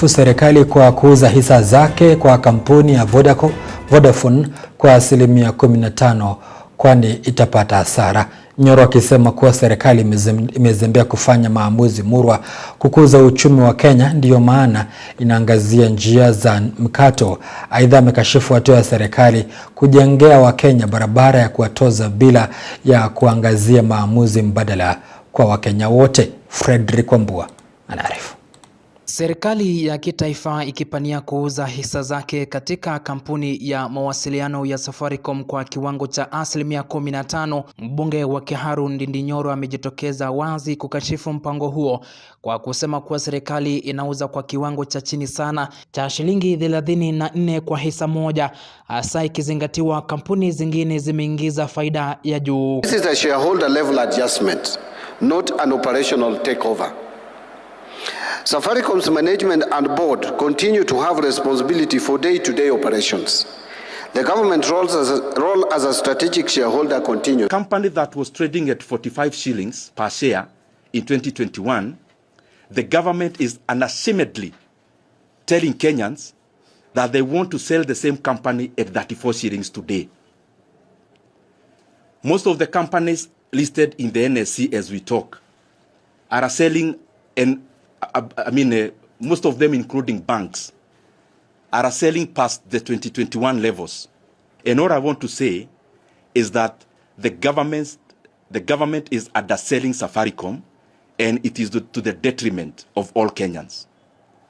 kuisifu serikali kwa kuuza hisa zake kwa kampuni ya Vodafone kwa asilimia 15 kwani itapata hasara. Nyoro akisema kuwa serikali imezembea kufanya maamuzi murwa kukuza uchumi wa Kenya, ndiyo maana inaangazia njia za mkato. Aidha, amekashifu hatua ya serikali kujengea Wakenya barabara ya kuwatoza bila ya kuangazia maamuzi mbadala kwa Wakenya wote. Fredrick Wambua anaarifu. Serikali ya kitaifa ikipania kuuza hisa zake katika kampuni ya mawasiliano ya Safaricom kwa kiwango cha asilimia 15, tano. Mbunge wa Kiharu Nyoro amejitokeza wazi kukashifu mpango huo kwa kusema kuwa serikali inauza kwa kiwango cha chini sana cha shilingi thelathini na nne kwa hisa moja, hasa ikizingatiwa kampuni zingine zimeingiza faida ya juu. This is a shareholder level adjustment, not an operational takeover. Safaricom's management and board continue to have responsibility for day-to-day operations. The government as a, role as a strategic shareholder continues. Company that was trading at 45 shillings per share in 2021, the government is unashamedly telling Kenyans that they want to sell the same company at 34 shillings today. Most of the companies listed in the NSC as we talk are selling an I, I mean, uh, most of them, including banks, are selling past the 2021 levels. And all I want to say is that the government, the government is underselling Safaricom, and it is to the detriment of all Kenyans.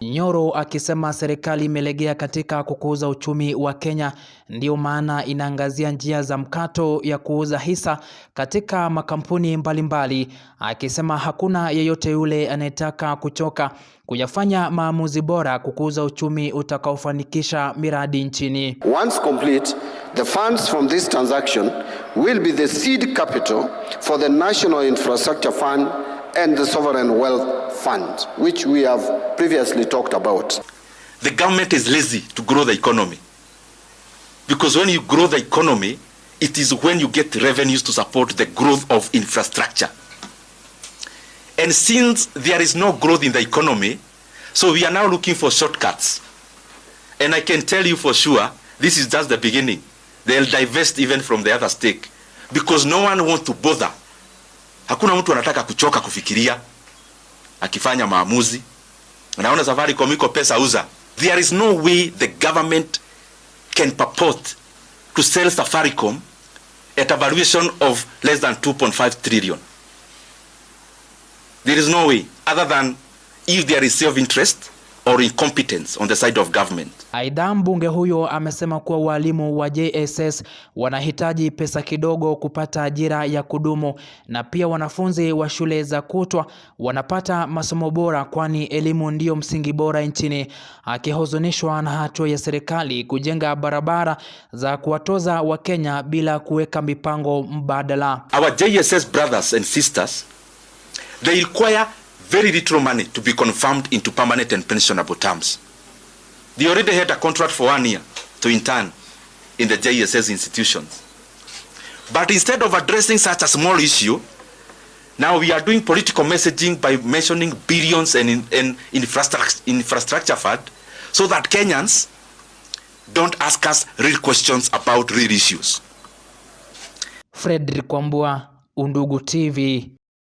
Nyoro akisema serikali imelegea katika kukuza uchumi wa Kenya, ndiyo maana inaangazia njia za mkato ya kuuza hisa katika makampuni mbalimbali mbali, akisema hakuna yeyote yule anayetaka kuchoka kuyafanya maamuzi bora kukuza uchumi utakaofanikisha miradi nchini. Once complete, the funds from this transaction will be the seed capital for the National Infrastructure Fund and the sovereign wealth fund which we have previously talked about. The government is lazy to grow the economy because when you grow the economy it is when you get revenues to support the growth of infrastructure. And since there is no growth in the economy, so we are now looking for shortcuts. And I can tell you for sure, this is just the beginning. They'll divest even from the other stake because no one wants to bother Hakuna mtu anataka kuchoka kufikiria akifanya maamuzi. Naona Safaricom iko pesa uza. There is no way the government can purport to sell Safaricom at a valuation of less than 2.5 trillion. There is no way other than if there is self interest or incompetence on the side of government. Aidha, mbunge huyo amesema kuwa walimu wa JSS wanahitaji pesa kidogo kupata ajira ya kudumu na pia wanafunzi wa shule za kutwa wanapata masomo bora kwani elimu ndiyo msingi bora nchini. Akihuzunishwa na hatua ya serikali kujenga barabara za kuwatoza Wakenya bila kuweka mipango mbadala. Our JSS brothers and sisters, they require very little money to be confirmed into permanent and pensionable terms. They already had a contract for one year to intern in the JSS institutions. But instead of addressing such a small issue, now we are doing political messaging by mentioning billions and, in, and infrastructure, infrastructure fund so that Kenyans don't ask us real questions about real issues. Fredrick Wambua, Undugu TV.